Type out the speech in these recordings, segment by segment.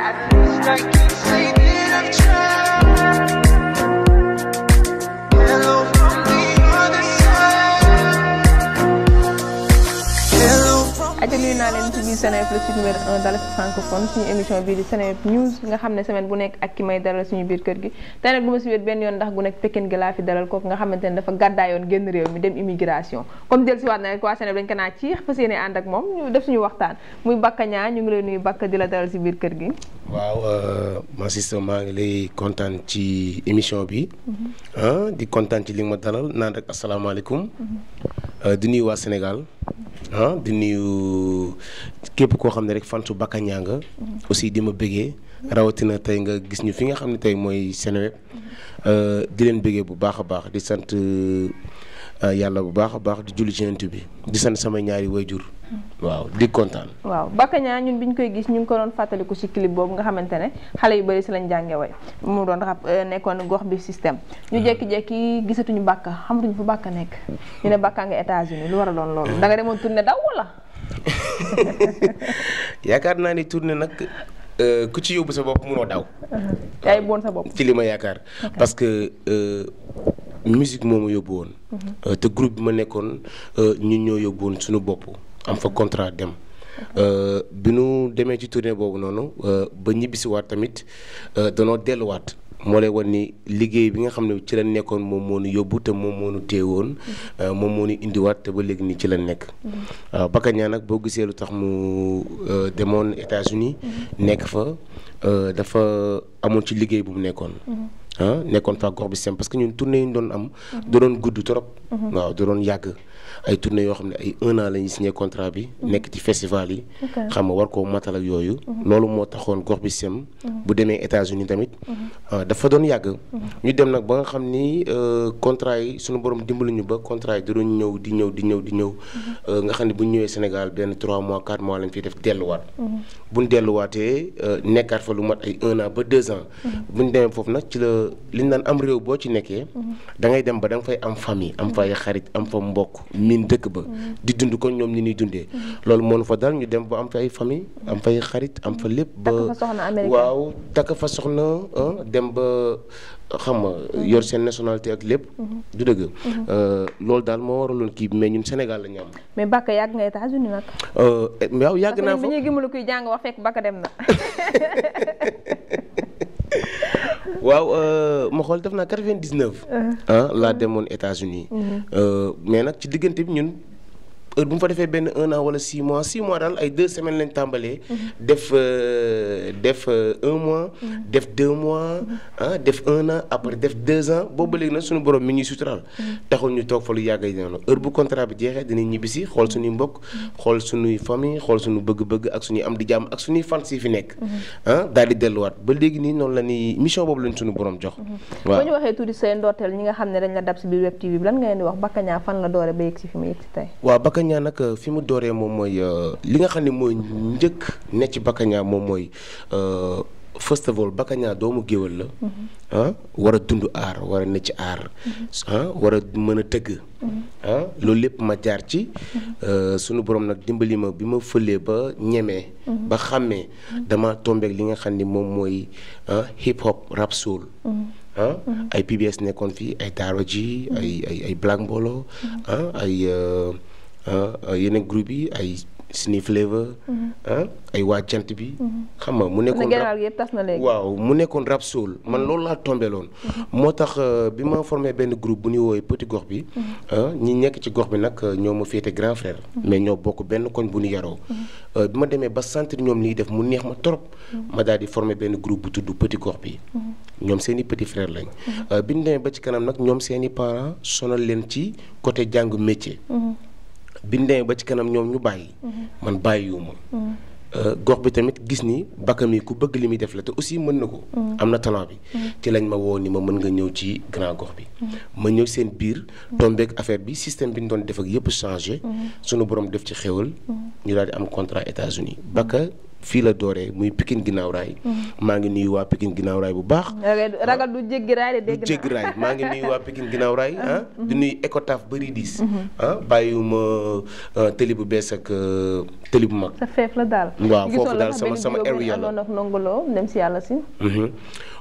At least I can say that I've tried. nuyu naa leen ci biir Seneweb le site numéro 1 dans francophone émission di Seneweb news nga xam semaine bu nekk ak ki may dalal suñu biir kër gi tey nag du ma wet benn yoon ndax gu nekk Pekin gi laa fi dalal kooku nga xamante ne dafa gàddaayoon génn réew mi dem immigration comme jël si waat na rek waa dañ ak ñu def suñu waxtaan muy ñu ngi lay nuyu di la dalal biir kër gi waaw euh, ma ngi lay ci émission bi mhm. ah, di kontaan ci li ma dalal naan rek mhm. euh, di nuyu Sénégal ah di nuyu képp koo xam ne rek fan su Baka nga mm-hmm. aussi di ma bëggee rawatina tey nga gis ñu fi nga xam ne tey mooy Seneweb mm-hmm. euh, di leen bëggee bu baax a baax di sant. Euh, Euh, yàlla bu baax a baax di julli ci Yonent bi di sant sama ñaari waajur waaw di kontaan. waaw Backa ñaa ñun bi ñu koy gis ñu ngi ko doon fàttaliku ci clip boobu nga xamante ne xale yu bëri si lañ jànge way mu doon rap euh, nekkoon gox bi système ñu hmm. jékki-jékki gisatuñu Backa xamatuñu fu Backa nekk ñu ne Backa nga États-Unis lu war a doon loolu da demoon tournée daw wala. yaakaar naa ni tournée nag. Euh, ku ci yóbbu sa bopp mënoo daw. Uh-huh. yaay boon sa bopp ci li ma yaakaar. parce que euh, musique moo ma yóbbu woon. Uh-huh. Euh, te groupe bi ma nekkoon ñu ñoo yóbbu woon suñu bopp am fa contrat dem. Uh-huh. bi nu demee ci tournée boobu noonu ba ñibbisiwaat tamit danoo delluwaat. moo lay wan ni liggéey bi nga xam ne ci la nekkoon moom moo ñu yóbbu te moom moo ñu téewoon euh, moom moo ñu indiwaat te ba léegi nii ci la nekk. waaw euh, Baka Niang nag boo gisee lu tax mu euh, demoon États-Unis nekk fa dafa amoon ci liggéey bu mu nekkoon. Mm-hmm. ah nekkoon fa gox bi sem parce que ñun tournée yi ñu doon am. da doon gudd trop. Mm-hmm. waaw da doon yàgg. ay tournée yoo xam ne ay un an la ñuy signé contrat bi. Mhm. nekk ci festival yi. xam nga war koo matal yooyu. Mhm. loolu moo taxoon gox bi sem mhm. bu demee États-Unis tamit. Euh, dafa doon yàgg. ñu dem nag ba nga xam ni euh, contrat yi suñu borom dimbali ñu ba contrat yi da doon ñëw di ñëw di ñëw di ñëw. Euh, nga xam ne bu ñu ñëwee Sénégal benn trois mois 4 mois lañ fiy def delluwaat. bu delluwaatee nekkaat fa lu mat ay un ba deux ans. bu demee foofu nag ci la liñ ñu am réew boo ci nekkee. da ngay dem ba da nga am famille am ay xarit am fa mbokk. miin dëkk ba. di dund ko ñoom ni ñuy dundee. loolu moo fa dal ñu dem ba am fa ay famille am fay xarit am fa lépp. ba waaw takk fa soxna ah, dem ba xam nga yor seen nationalité ak lépp. du dëgg. Euh, loolu daal moo waraloon kii mais ñun Sénégal la ñu am. mais Bakka yàgg nga États-Unis nag. Euh, waaw yàgg naa fa parce ñuy gëmul kuy jàng wax fekk Bakka dem na. waaw euh, ma xool def naa quatre-vingt-dix-neuf. Euh. ah laa demoon États-Unis mm-hmm. euh, mais nag ci diggante bi ñun. heure bu mu fa defee benn un an wala six mois six mois daal ay deux semaines lañ tàmbalee. Mm-hmm. def euh, def euh, un mois. Mm-hmm. def deux mois mm-hmm. ah def un an après def deux an boobu ba léegi nag suñu borom mi ngi suturaal. taxul ñu toog fa lu yàgg dina noonu heure bu contrat bi jeexee dinañ ñibbisi xool suñuy mbokk. xool suñuy famille xool suñu bëgg-bëgg ak suñuy am di jàmm ak suñuy fan yi fi nekk. ah daal di delluwaat ba léegi nii noonu la ni mission boobu lañ suñu borom jox. waaw bu ñu nga xam ne dañ la dab si biir web TV bi la doore ba Niang nag euh, fi mu dooree moom mooy euh, li nga xam ne mooy njëkk ne ci Baka moom mooy euh, first of all doomu géwél la mm-hmm. ah war a dund aar war a ci aar mm-hmm. ah, war a mën a tëgg mm-hmm. ah, loolu lépp ma jaar ci sunu borom nag dimbali ma bi ma fëlee ba ñeme ba xàmmee dama tombeek li nga xam ni moom mooy ah, hip hop rap soul ay PBS nekkoon fii ay Daara J ay ay ay Black Mbollo ay Ah, yeneen groupe yi ay Sini Flavor mhm. ah, ay waa bi. Mhm. xam nga mu nekkoon rap yëpp tas na léegi. waaw mu nekkoon rap soul man loolu laa tombé loon. Mhm. moo tax euh, bi ma formé benn groupe bu ñuy woowee pëti Gox bi. Ah, ñi nekk ci gox bi nag euh, ñoo ma féete grand frère. mais ñoo bokk benn koñ bu nu yaroo. Euh, bi ma demee ba sentir ñoom liy def mu neex ma trop. ma daal di formé benn groupe bu tudd pëti Gox bi. ñoom seeni i petit lañ. bi ñu demee ba ci kanam nag ñoom seeni i parents leen ci côté jàng métier. biñ ba ci kanam ñom ñu bàyyi. man bàyyiwuma. Euh, gox bi tamit gis ni bakkam yi ku bëgg limi def la té aussi mën nako mm. amna talent bi. Mm. ci lañ ma wo ni ma mën nga ñëw ci grand gox bi. Mm. ma ñëw seen biir. tombé ak affaire bi système bi ñu doon def ak yépp changé. suñu borom def ci xéewal ñu daal di am contrat États-Unis bakka fii la dooree muy Pikine ginnaaw raay. Mm-hmm. maa ngi nuyu waa Pikine ginnaaw raay bu baax. ragal du jéggi raay de dégg naa maa ngi nuyu waa Pikine ginnaaw raay ah. di mm-hmm. nuyu Ecotaf bëri diis. Mm-hmm. ah, ah bu bees ak ah, tëli bu mag. sa feef la daal. waaw foofu daal sama sama area la gisoon la dem si yàlla si.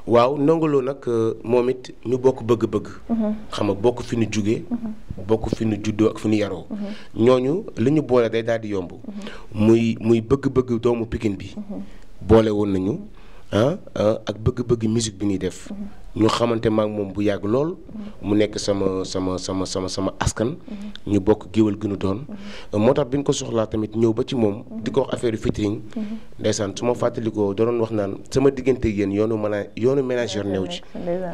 waaw Ndongo Lo nag euh, moom it ñu bokk bëgg-bëgg. Mhm. xam nga bokk fi ñu jugee. Mhm. bokk fi ñu juddoo ak fi ñu yaroo. Mhm. ñooñu li ñu boole day daal di yomb. muy muy bëgg-bëgg doomu Pikine bi. boole woon nañu. Ah, ah ak bëgg-bëgg musique bi nuy def mm-hmm. ñu xamante maak moom bu yàgg lool mm-hmm. mu nekk sama sama sama sama sama askan mm-hmm. ñu bokk géwal gënu doon moo tax bi ñu ko soxlaa tamit ñëw ba ci moom di ko wax affaire featuring ndeysaan su ma fàttalikoo doon wax naan sama diggante yéen yoonu mën a yoonu ménageur néew ci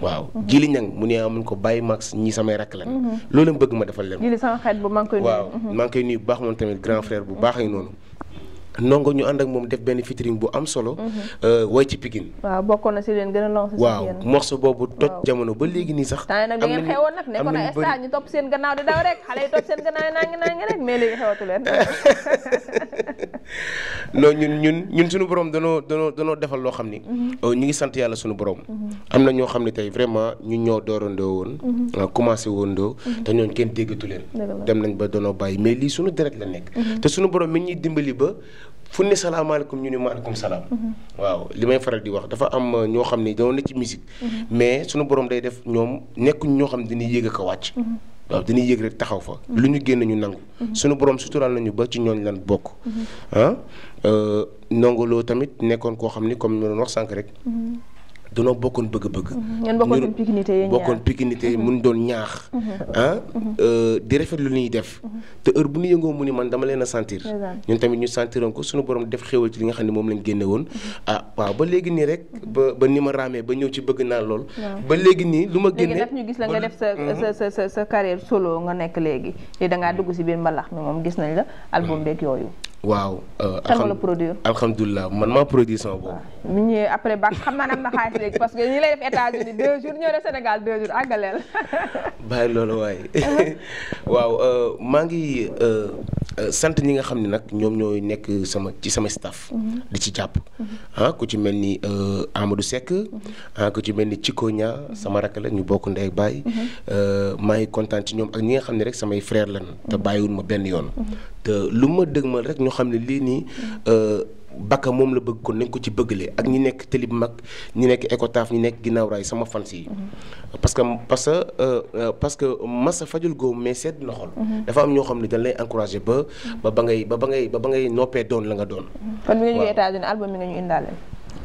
waaw jili ñang mu ne amuñ ah, ko bàyyi max ñi samay rakk lan loolu bëgg ma defal leen waaw maa ngi koy nuyu bu baax moom tamit grand frère bu baax ay noonu nongo ñu and ak mom def ben featuring bu am solo. Mhm. euh way ci pigine waaw bokko na ci len gëna a ci waaw morceau bobu tot jamono ba légui ni sax. tay nak ngeen xewon nak neko na star ñu top seen gannaaw di daw rek xalé yi top seen gannaaw yi nangi nangi rek mais légui xewatu len no ñun ñun ñun suñu borom dañu dañu dañu defal lo xamni ni. Mhm. Euh, ñu ngi sant yalla suñu borom. Mhm. amna ño xamni tay vraiment ñu ño doorandoo won ah, commencé woon doo. te ñooñu kenn déggatu leen. dem nañ ba dañu bay mais li suñu direct la nek te suñu borom mi ñi dimbali ba fu ne salaamaaleykum ñu ne maaleykum salaam. waaw li may faral di wax dafa am ñoo xam ni dañoo nekk ci musique. mais suñu boroom day def ñoom nekkuñ ñoo xam ne dañuy yéeg ak a wàcc. waaw dañuy yéeg rek taxaw fa. lu ñu génn ñu nangu. suñu borom suturaal nañu ba ci ñooñ lan bokk. ah euh, Ndongo Lo tamit nekkoon koo xam ni comme ñu wax sànq rek. danoo bokkoon bëgg-bëgg. Mhm. ñun bokkoon pikinité yi bokkoon pikinité yi mun doon ñaax. Mhm. ah mhm. Euh, di rafet lu ñuy def. te heure bu nu yëngoo mu ni man dama leen a sentir. ñun tamit ñu sentiroon ko suñu borom def xéwal ci li nga xam ne moom lañ génne woon. ah waaw ba léegi nii rek ba ba ni ma raamee ba ñëw ci bëgg naa lool. ba léegi nii lu ma génne léegi nag ñu gis la nga def sa sa sa sa carrière solo nga nekk léegi te da ngaa dugg si biir mbalax mi moom gis nañ la album mm. beeg yooyu waaw. Euh, kan nga la produire alhamdulilah man maa produire sama bopp. waaw ah, ñëwee après ba xam na xaalis que ñi lay euh, maa ngi euh, sant ñi nga xam ni nag ñoom ñooy nekk sama ci sama staff. Mhm. di ci jàpp. Mhm. ah ku ci mel ni Amadou Seck. Mhm. ah ku ci mel ni Ciko Ña sama rakk la ñu bokk ndey baay. maa ngi kontaan ci ñoom ak ñi nga xam ne rek samay frère lan te bàyyiwul ma benn yoon. te lu ma dëgmal rek ñu xam ne lii nii euh, bakka moom la bëgg kon nañ ko ci bëggalee ak ñi nekk tëli bu mag ñi nekk Ecotaf ñi nekk ginnaaw raay sama fans yi mm-hmm. parce que parce que euh, euh, parce que masa fajul góob mais seet na xol mm-hmm. dafa am ñoo xam ne dañ lay encouragé ba ba ba ngay ba ba ngay ba ba ngay noppee doon la nga doon mm-hmm. kon mi nga ñu indaale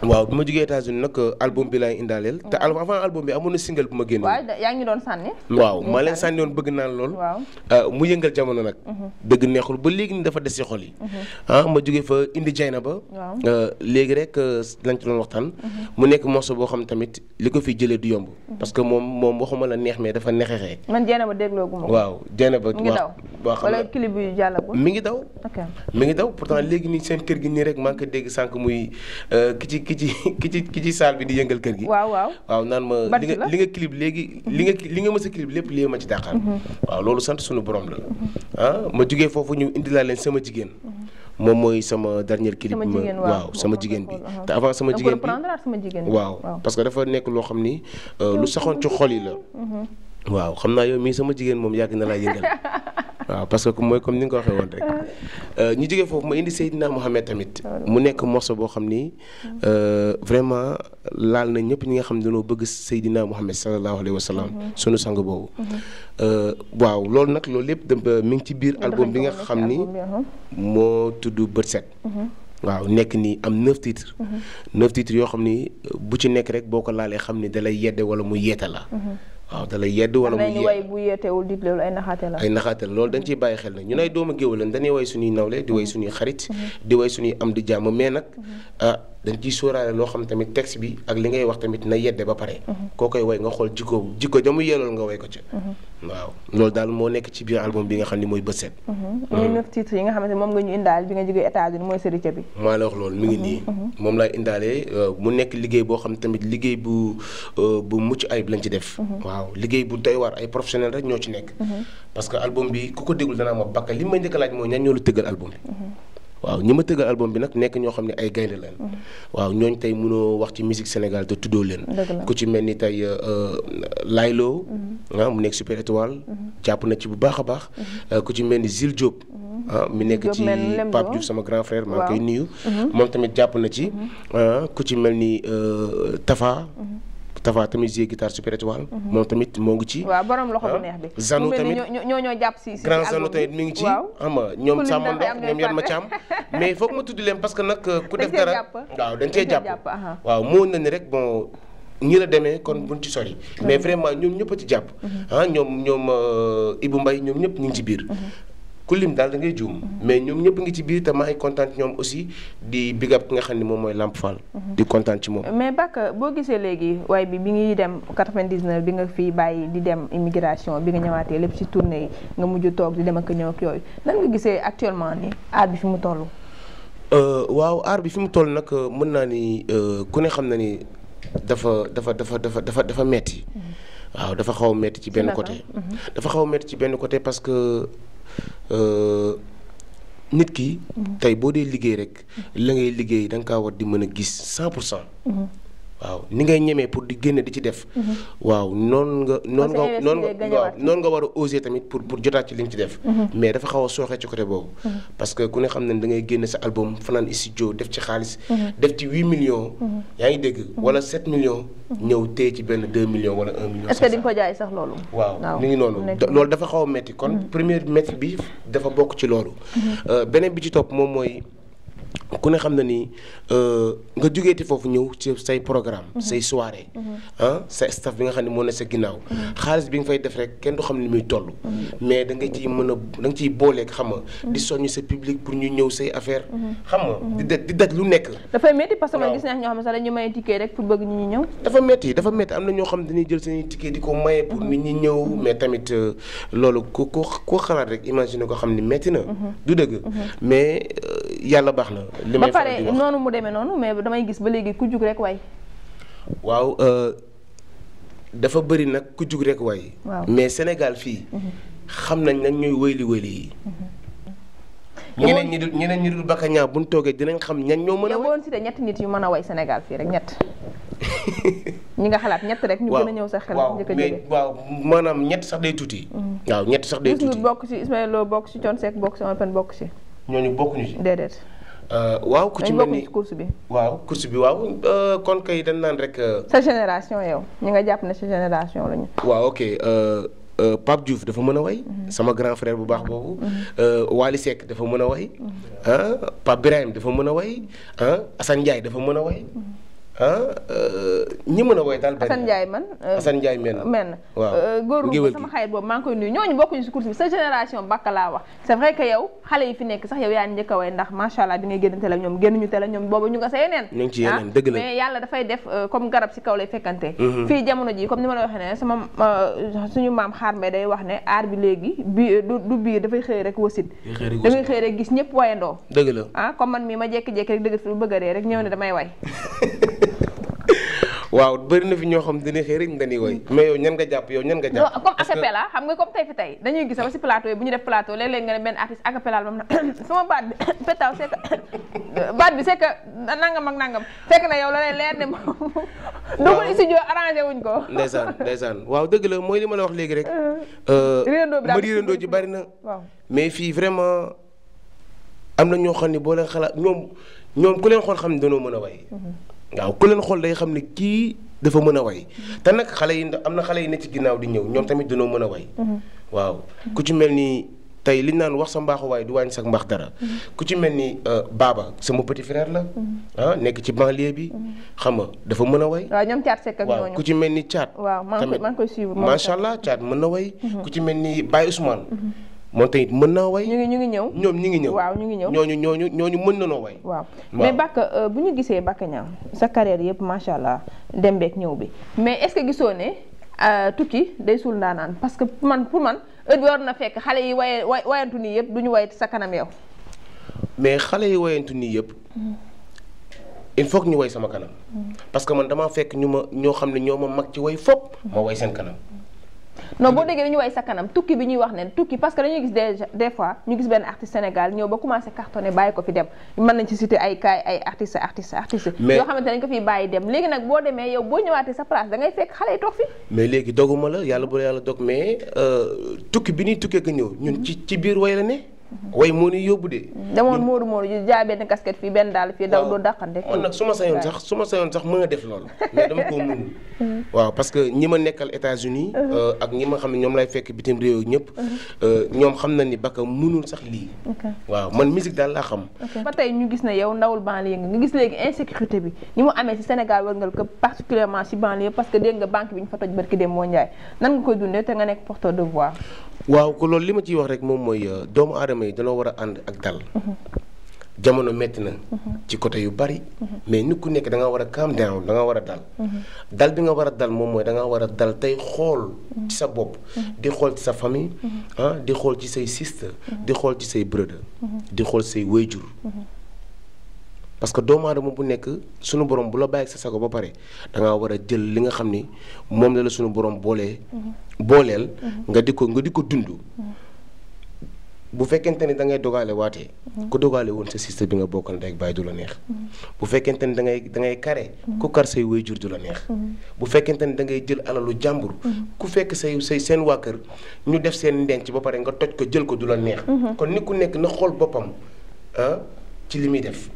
waaw bi ma jógee États-Unis nag euh, album bi laay indaaleel. te mm-hmm. al avant album bi amoon na single bu ma génne. waaw yaa ngi doon euh, mm-hmm. ba léegi ni dafa des ci xol yi. Mm-hmm. ah ma jógee fa indi jayna ba. Euh, léegi rek lañ ci doon waxtaan. nekk morceau boo xam tamit li ko fi jëlee du yomb. parce que moom moom waxuma la neex mais dafa neexexee. man jayna ba dégloo gu ma ko. waaw jayna ba. mi ngi daw wala clip bi jàllagul mi ngi daw. mi ngi daw pourtant léegi nii seen kër gi nii rek maa ko dégg sànq muy ki ci ki ci ki ci ki saal bi di yëngal kër gi. waaw waaw naan ma li nga li nga léegi. li nga li nga mës a lépp lii ma ci dàqaar. Mhm. waaw loolu sant suñu borom la. ah ma jugee foofu ñu indilaa leen sama jigéen. Mhm. moom mooy sama dernier clip ma waaw sama jigéen bi te avant sama jigéen bi waaw parce que dafa nekk loo xam ni euh, lu saxoon ci xol yi la mhm. waaw xam naa yow mii sama jigéen moom yàgg na laa yëngal waaw parce que mooy comme ni nga ko waxee woon rek euh. Euh, ñu jógee foofu ma indi Seydina Mohamed tamit ah, mu nekk morceau boo xam ni mm. euh, vraiment laal na ñëpp ñi nga xam ne dañoo bëgg Seydina Mohamed sallallahu alayhi wa sallam mm-hmm. sunu sang boobu mm-hmm. waaw loolu nag loolu lépp mi ngi ci biir album bi nga xam ni uh-huh. moo tudd bët set mm-hmm. waaw nekk nii am neuf titres neuf titres yoo xam ni bu ci nekk rek boo ko laalee xam ni dalay yedde wala mu yeete la waaw da lay yedd wala muy yedd bu yeetewul dit loolu ay naxaate la ay naxaate la loolu dañ ciy bàyyi xel na ñun ay doomu géwél lañ dañuy way suñuy nawle di way mhm. suñuy xarit mhm. di way suñuy am di jàmm mais nag mhm. ah, dañ ciy sóoraale loo xam tamit texte bi ak li ngay wax tamit na yedde ba pare. koo koy woy nga xool jikko jikko jamu yelool nga woy ko ci. waaw loolu daal moo nekk ci biir album bi nga xam ni mooy bët set. muy neuf titres yi moom nga ñu la wax loolu mi ngi nii. Mhm, mhm. moom laay indaalee euh, mu nekk liggéey boo xam tamit liggéey bu euh, bu mucc ayib lañ ci def. Mhm. waaw liggéey bu doy waar ay professionnel rek ñoo ci nekk. parce que album bi ku ko déglu danaa ma bakka li may njëkk a laaj mooy ñan lu tëggal album bi. waaw ñi ma tëggal album bi nag nekk ñoo xam ne ay gaynde leen mm-hmm. waaw ñooñ tey munoo wax ci musique Sénégal te tuddoo leen ku ci mel ni tey euh, euh, Laylo mm-hmm. ah, mu nekk Super Étoile mm-hmm. jàpp na ci bu baax a baax euh, ku ci mel ni Zil Diop mu ah, nekk ci Pape Diouf sama grand frère maa koy nuyu moom tamit jàpp na ci ah, ku ci mel ni Tafa Tafa tamit joué guitare super étoile. Mhm. moom tamit moo ngi ci. waaw borom loxo bu ah. neex bi. Zanu tamit ñoo ñoo ah, ñoom Samba Ndox ñoom mais foog ma tudd leen parce que nag. ku def dara waaw dañ cee jàpp waaw moo na rek bon. ñi la demee kon buñ ci sori mais vraiment ñoom ñëpp a ci jàpp. Mhm. ah ñoom ñoom euh, Ibou Mbaye ñoom ñëpp ñu ngi ci biir. Mhm. ku lim daal da ngay juum. Mhm. mais ñoom ñëpp ngi ci biir te maa ngi kontaan ñoom aussi di big up ki nga xam ni moom mooy Lamp Fall. Mhm. di kontaan ci moom. mais Bakka boo gisee léegi waaye bi bi ngi dem 99 bi nga fi bàyyi di dem immigration bi nga ñëwaatee lépp ci tournée yi nga mujj toog di dem ak ñëw ak yooyu nan nga gisee actuellement ni aar bi fi mu toll. Euh, waaw aar bi fi mu toll nag euh, mun naa ni euh, ku ne xam na ni dafa dafa dafa dafa dafa daf metti mhm. a metti ci benn côté. dafa xaw Euh, nit ki. Mm-hmm. tey boo dee liggéey rek. la ngay liggéey danga nga war di mën a gis 100 pour cent. Mm-hmm. waaw ni ngay ñemee pour di génne di ci def. Mhm. waaw noon nga. noonu nga noonu nga waaw noonu nga war a oser tamit pour pour jotaat ci li nga ci def. Mhm. mais dafa xaw a sooxee ci côté boobu. Mhm. parce que ku ne xam ne da ngay génn sa album fanaan studio def ci xaalis. def ci huit millions. yaa ngi dégg wala sept millions. ñëw téye ci benn deux millions wala un million. est ce que di nga ko jaay sax loolu. waaw ni ngi noonu loolu dafa xaw a kon première métti bi dafa bokk ci loolu. Euh, beneen bi ci topp moom mooy. ku ne xam na ni euh, nga jógeeti foofu ñëw say programme mhm. say soirée mhm. ah sa staff bi nga xam ne moom ne sa ginnaaw mhm. xaalis bi nga fay def rek kenn du xam ni muy toll mais da nga ciy mën a da ciy booleeg xam nga di soññ sa public pour ñu ñëw say affaire xam nga di daj di lu nekk dafay métti parce que man gis naa ñoo xam ne sax dañu may ticket rek pour bëgg ñu ñëw dafa métti dafa métti am na ñoo xam ne dañuy jël seen ticket di ko maye pour nit ñi ñëw mais tamit euh, loolu ku ko koo xalaat rek imagine ko xam ni métti na du dëgg yàlla baax na. li may faral di ba mu demee noonu mais damay gis ba léegi ku jug rek waay. waaw euh, dafa bëri nag ku jug rek waay. mais senegal fii. Mhm. xam nañ ñuy ñooy wëyli wëyli yi. Mhm. ñeneen ñi dul ñeneen ñi dul Bakaña bu ñu toogee dinañ xam ñan ñoo mën a. woon si te nit yu mën a way Sénégal fii rek ñett ñi nga xalaat ñett rek. ñu gën a ñëw sa xel. njëkk a mais waaw maanaam ñett sax day tuuti. Mhm. waaw ñett sax day tuuti. bokk si Ismaël Lo bokk si Thione bokk si Open bokk si. ñooñu bokkuñu ci. déedéet. Euh, waaw ku ci mel ni course bi. waaw course bi waaw euh, kon kay dañ naan rek. Euh, sa génération yow ñi nga jàpp ne sa génération lañu. waaw ok. Pape Diouf dafa mën a way mhm. sama grand frère bu baax boobu mhm. Wally Seck dafa mën a way mhm. ah Pape Birahim dafa mën a way ah Assane dafa mën a way ah euh, ñi mën a woy daal man. Assane Ndiaye euh, men men waaw euh, góor gu sama xarit boobu maa ngi koy nuyu ñooñu bokkuñu si course sa génération bakka laa wax c'est vrai que xale yi fi nekk sax yow a woy ndax macha allah bi ngay génn télé ñoom génnuñu télé ñoom boobu ñu nga sa yeneen ñu ngi ci ah, comme garab si kaw lay fekkante mm-hmm. fii jamono ji comme ni ma la waxee ne sama suñu maam xaar mbay day wax ne aar bi léegi bi du biir dafay xëy rek wasit da ngay xëy rek gis ñëpp wayandoo dëgg la ah, comme man mi ma jékki-jékki rek dëgg fi bëgg a ree ñëw ne damay way waaw bëri na fi ñoo xam dina xëy rek dañuy woy mm. mais yow ñan nga jàpp yow ñan nga jàpp comme acapella xam nga comme tey fi tey dañuy gis sama si plateau yi bu ñu def plateau léeg-léeg nga ne benn artiste acapella ba mu na sama baat bi pétaw c'est baat bi c'est nangam ak nangam fekk na yow la lay leer ne moom dugul studio arrangé wuñ ko ndeysaan ndeysaan waaw dëgg la mooy li ma la wax léegi rek ma euh, riirandoo ji bari na mais fii vraiment am na ñoo xam boo leen xalaat ñoom ku leen xool xam ne dañoo mën a way mm-hmm. waaw ku leen xool day xam ne kii dafa mën a way te nag xale yi am na xale yi ne ci ginnaaw di ñëw ñoom tamit dañoo mën a way mm-hmm. waaw ku ci mel ni tey li naan wax sa mbaaxu waaye du wàññi sa mbaax dara mm-hmm. ku ci mel ni euh, baaba sama petit frère la mm-hmm. ah nekk ci banlieue bi xam nga dafa mën a way waaw ñoom Thiat Seck ak ñooñu ku ci mel ni Thiat waaw maa ngi koy suivre macha allah Thiat mën na way ku ci mel ni Baye Ousmane moom tamit mën naa way ñu ngi ñu ngi ñëw ñoom ñu ngi ñëw waaw ñu ngi ñëw ñooñu ñooñu ñooñu mën na noo way waaw mais Backa euh, bu ñu gisee Backa Niang sa carrière yëpp macha allah dem beeg ñëw bi mais est gisoo ne euh, tukki day suul naan parce que man pour man heure na fekk xale yi waye wayantu nii yëpp du ñu way sa kanam yow mais xale yi wayantu nii yëpp il faut que ñu way sama kanam mm. parce que man damaa fekk ñu ma ñoo xam ne ñoo ma mag ci way fopp ma way seen kanam non boo déggee dañuy way sa kanam tukki bi ñuy wax ne tukki parce que dañuy gis des des fois ñu gis benn artiste Sénégal ñëw ba commencé cartonné bàyyi ko fi dem mën nañ ci citer ay kaay ay artiste artiste artiste yoo xamante dañ ko fi bàyyi dem léegi nag boo demee yow boo ñëwaatee sa place da ngay fekk xale yi toog fi mais léegi doguma la yàlla bu la yàlla dog mais euh, tukki bi ñuy tukkee ko ñëw ñun ci ci biir way la ne Mm-hmm. way moo ni yóbbu de. demone modou modou yu jaay benn casquette fi ben dal fi daw do dakande on nak suma sayon sax suma sayon sax meuna def loolu mais dama ko mënul. Mm-hmm. waaw parce que ñima nekkal États-Unis mm-hmm. euh ak ñima xamni ñom lay fekk bitim rew ñep euh ñom xamna ni Baka mënul sax li waaw man musique dal la xam. ba tey ñu gis na yow ndawul banlieue nga gis legi insécurité bi ni mu amé ci Sénégal war wërngal ko particulièrement ci banlieue parce que dégg nga banque bi fa toj barki dem mo Ndiaye nan nga koy dundé te nga nek porteur de voix. waaw ko loolu li ma ciy wax rek moom mooy euh, doomu aadama yi dañoo war a ànd ak dal. Mm-hmm. jamono métti na. Mm-hmm. ci côté yu bari. Mm-hmm. mais nit ku nekk da nga war a calm down da war a dal. dal bi nga war a dal moom mooy da nga war a dal tey xool ci sa bopp. di xool ci sa famille. ah di xool ci say sister. di xool ci say brother. di xool say wéjur parce que doomu adama bu nek sunu borom bu la ak sa sago ba paré da nga wara jël li nga xamni mom la suñu sunu borom bolé bolél mhm. nga diko nga diko dundu mhm. bu fekkente ni da ngay dogalé waté mhm. ku dogalé won sa sister bi nga bokkal ndey ak baay du la neex bu ni da ngay da ngay kare ku kar say waajur du la neex bu fekkente ni da ngay jël alalu jambour ku fekk say say sen wa kër ñu def sen ndenc ba paré nga toj ko jël ko du la neex kon ni ku nek na bopam euh ah, ci limi def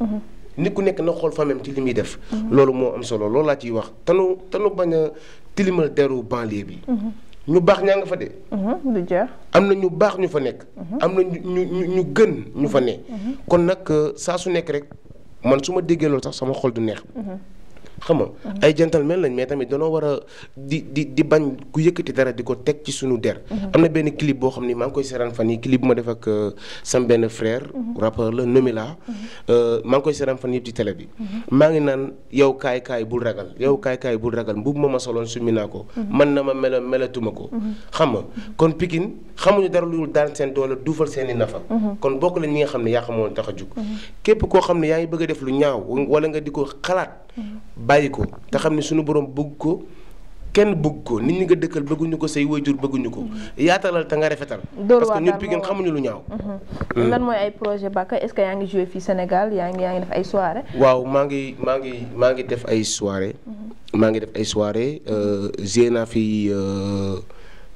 nit ku nekk na xool famem ci li muy def. loolu moo am solo loolu laa ciy wax tanu tanu bañ a tilimal deru banlieue bi. ñu baax ñaa nga fa de. du am na ñu baax ñu fa nekk. Mhm. am na ñu ñu ñu gën ñu fa ne. Mhm. kon nag euh, saa su nekk rek man su ma déggee loolu sax sama xol du neex. Mhm. xam nga mhm. ay gentleman lañ mais tamit danoo war a di di di bañ ku yëkkati dara di ko teg ci suñu der mhm. am na benn clip boo xam ni maa ngi koy seetaan fan yi clip bu ma def ak euh, sam benn frère mhm. rappeur la nomi euh, maa ngi koy seetaan fan yëpp ci télé bi maa ngi naan yow kaay kaay bul ragal yow kaay kaay bul ragal mbubu ma ma soloon summi naa ko man na ma melo melatuma ko xam nga kon Pikine xamuñu dara lu daan seen doole duufal seen i nafa kon bokk lañ ñi nga xam ne yaa xamoon tax a jug képp koo xam yaa ngi bëgg a def lu ñaaw wala nga di ko xalaat bàyyi ko te xam ne suñu borom bëgg ko kenn bëgg ko nit ñi nga dëkkal bëgguñu ko say waajur bëgguñu ko mm-hmm. yaatalal te nga rafetal. parce que ñun Pikine xamuñu lu ñaaw. Mm-hmm. Mm. lan mooy ay projet Bakka est yaa ngi joué fii Sénégal yaa ngi yaa ngi def ay soirée. waaw maa ngi maa ngi maa ngi def ay soirée. Mm-hmm. maa ngi def ay soirée gérer euh, naa fi euh,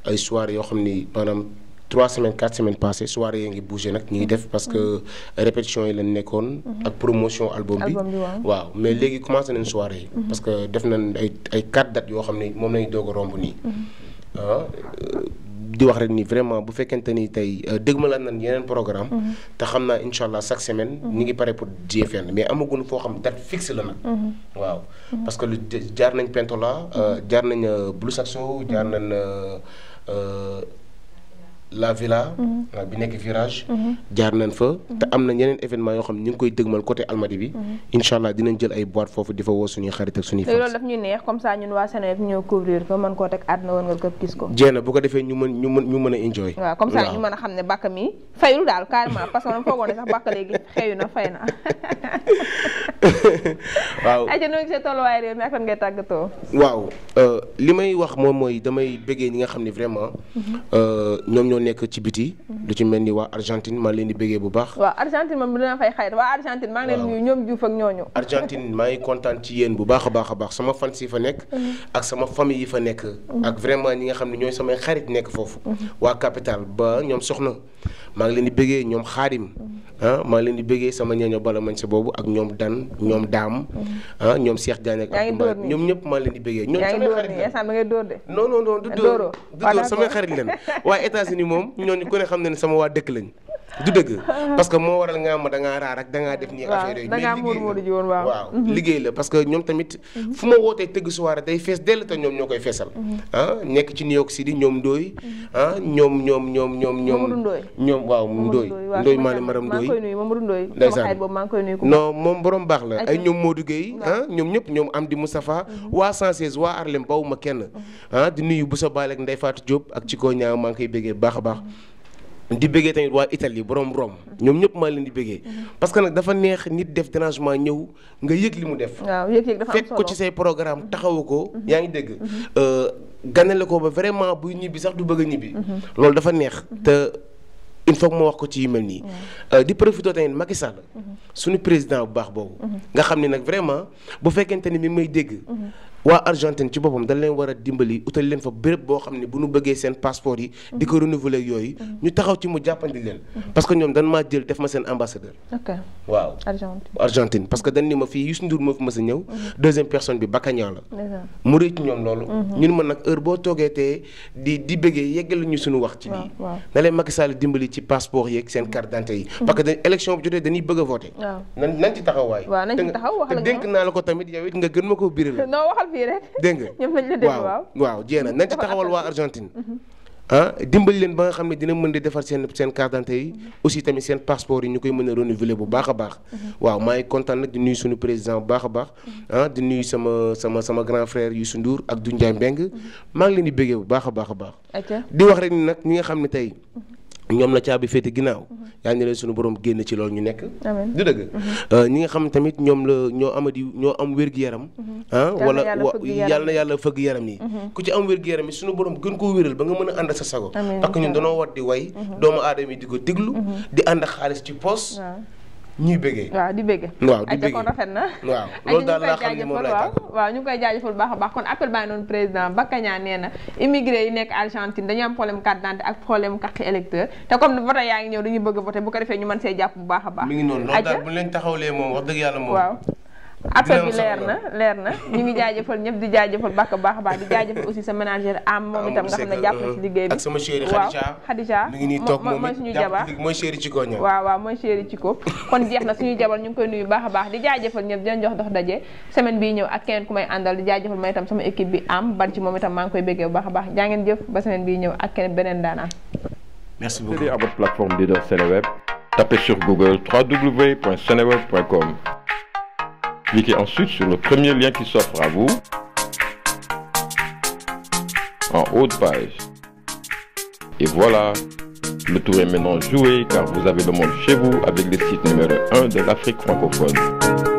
ay soirée yoo xam ni maanaam. trois semaines quatre semaines passées soirée yi ngi bougé nag def parce que mm-hmm. répétition yi lañ nekkoon. Mm-hmm. ak promotion album bi waaw mais mm-hmm. léegi commencé nañ soirée yi. parce que def nañ ay ay quatre dates yo xam mom moom lañu doog a romb nii. Ah, di wax rek ni vraiment bu fekkente ni tey euh, dëgmalaat nañ yeneen programme te xam naa incha chaque semaine. ñi ngi pare pour JFN mais amaguñ foo xam date fixe la nag. waaw parce que lu jaar nañ Pentola. Euh, jaar nañ euh, Blue Saxo jaar nañ. la villa. waaw mhm. bi nekk virage. Mhm. jaar nañ fa. Mhm. te am na yeneen événement yoo xam ne ñu ngi koy dëgmal côté Almadi bi. incha allah dinañ jël ay boîte foofu di fa woo suñuy xarit ak suñuy. fans loolu daf ñu neex comme ça ñun waa ñu mën ñu mën ñu mën a enjoy. waaw comme ça ñu mën a xam ne bàkk mi fayul daal carrément parce que man foogoon ne sax bàkk léegi xëyu na fay euh, li may wax moom mooy damay bëggee ñi nga euh, ñoom ñoo nekk ci biti. lu ci mel ni waa Argentine maa leen di bëggee bu baax. waaw Argentine moom dina fay xayma waa Argentine maa ngi leen maa ngi kontaan ci yéen bu baax a baax a baax sama fans yi fa nekk. Mhm. ak sama famille yi fa nekk. Mhm. ak vraiment ñi nga xam ne ñooy samay xarit nekk foofu. Mhm. waa capital ba ñoom soxna maa ngi leen di bëggee ñoom xaarim ah maa leen di bëggee sama ñeeño bala mañ sa boobu ak ñoom Dan ñoom Daam. ah ñoom Cheikh Diagne ak. yaa ñoom ñëpp maa leen di bëggee. ñoom samay xarit lañ yaa ngi dóor de non non non du dóor du dóor samay xarit lañ waaye États-Unis moom ñooñu ku ne xam ne sama waa dëkk lañ du deug parce que mo waral nga ma da nga raar ak da nga def ni affaire yoy da nga mur mur ji won waaw mhm. liggey la parce que ñom tamit mhm. fuma woté teug soirée day fess del ta ñom ñokoy fessal han mhm. ah, nek ci new york city ñom doy han ah, ñom ñom ñom ñom ñom ñom waaw ndoy ndoy mali maram ndoy ma koy nuy mamadou ndoy sama xayit bob ma koy nuy ko non mom borom bax la ay ñom modou gey han ah, ñom ñep ñom amdi mustapha wa 116 wa arlem baw kenn han di nuyu bu sa balek ndey fatou diop ak ci ko ñaaw ma ngi koy bégé baxa di bëggee tamit wa Italie borom Rome ñom ñëpp ma leen di bëggee. Mhm. parce que nak dafa neex nit def dérangement ñëw nga yëg li mu def. waaw yëg-yëg dafa am fekk ko ci say programme mhm. taxawuko ko. Mhm. yaa ngi dégg. Euh, ganale ko ba vraiment bu ñibi sax du bëgg ñibi ñibbi. loolu dafa neex te il faut mo wax ko ci yu mel euh, di profiter tamit Macky Sall. suñu président bu baax boobu. nga xamni nak vraiment bu fekkente ni mi may dégg. waa Argentine ci boppam dañ leen war a dimbali utal leen fa béréb boo xam ne bu ñu bëggee seen passeport yi. di ko renouveler yooyu. Mhm. ñu taxaw ci mu jàppandi leen. Mhm. parce que ñoom dañ maa jël def ma seen ambassadeur. ok waaw Argentine. Argentine parce que dañ ni ma fii Youssou Ndour moo fi mës a ñëw. Mhm. deuxième personne bi la. mu loolu. ñun ma nag heure boo toogee tee di di bëggee yeggal ñu suñu wax. ci na leen Macky Sall ci passeport yeeg seen carte d'identité yi. parce que dañ élection jotee dañuy bëgg a voter. nañ ci taxaw waay. waaw nañ naa la ko tamit yow it nga gën ma ko biral fii rek. dégg nga ñoom lañ waaw waaw jéem a nañ ci taxawal waa Argentine. Mhm. Ah, dimbali leen ba nga xam ne dina mën di defar seen seen carte d'identité yi. Mhm. aussi tamit seen passeport yi ñu koy mën a renouveler bu baax a baax. Mhm. waaw maa ngi kontaan nag di nuy suñu président bu baax a baax. ah di nuy sama sama sama grand frère Youssou Ndour ak Doudou Ndiaye Mbengue. maa ngi leen di bëggee bu baax a baax a baax. di wax rek ni nag ñi nga xam ne tey. ñoom la caabi féete ginnaaw. Mhm. yaa ngi leen suñu borom génn ci loolu ñu nekk. du dëgg. Mhm. Euh, ñi nga xam tamit ñoom la ñoo amadi ñoo am wér-gu-yaram. Mhm. ah wala yàlla na yàlla fëgg yaram yi. ku ci am wér-gu-yaram yi suñu borom gën koo wéral ba nga mën a ànd sa sago. parce que ñun danoo war di way. doomu aadama di ko déglu. di ànd xaalis ci poos ñuy bëggee waaw di bëggee waaw di bëggee kon rafet na waaw loolu daal laa xam ne moom lay tàgg waaw ñu ngi koy jaajëfal baax a baax kon appel baa ngi noonu président Bakaña nee na immigré yi nekk Argentine dañu am problème carte d'identité ak problème carte électeur te comme vote yaa ngi ñëw dañuy bëgg voté bu ko defee ñu mën see jàpp bu baax a baax mi ngi noonu loolu daal bu leen taxawlee moom wax dëgg yàlla moom affaire bi leer na leer na ñu ngi jaajëfal ñëpp di jaajëfal bàkk baax a baax di jaajëfal aussi sa ménagère am moom ah, itam nga xam ne jàpp na euh, ci liggéey bi ak sama mooy suñu jabar mooy chéri ci ko ñëw waaw waaw mooy chéri ci ko suñu jabar ñu ngi koy nuyu baax baax di jaajëfal ñëpp di leen jox dox daje semaine bii ñëw ak keneen ku may àndal di jaajëfal ma itam sama équipe bi am ban ci moom itam maa ngi koy béggee bu baax baax jaa ngeen jëf ba semaine bii ñëw ak keneen beneen daanaan merci Cliquez ensuite sur le premier lien qui s'offre à vous en haut de page. Et voilà, le tour est maintenant joué car vous avez le monde chez vous avec le site numéro 1 de l'Afrique francophone.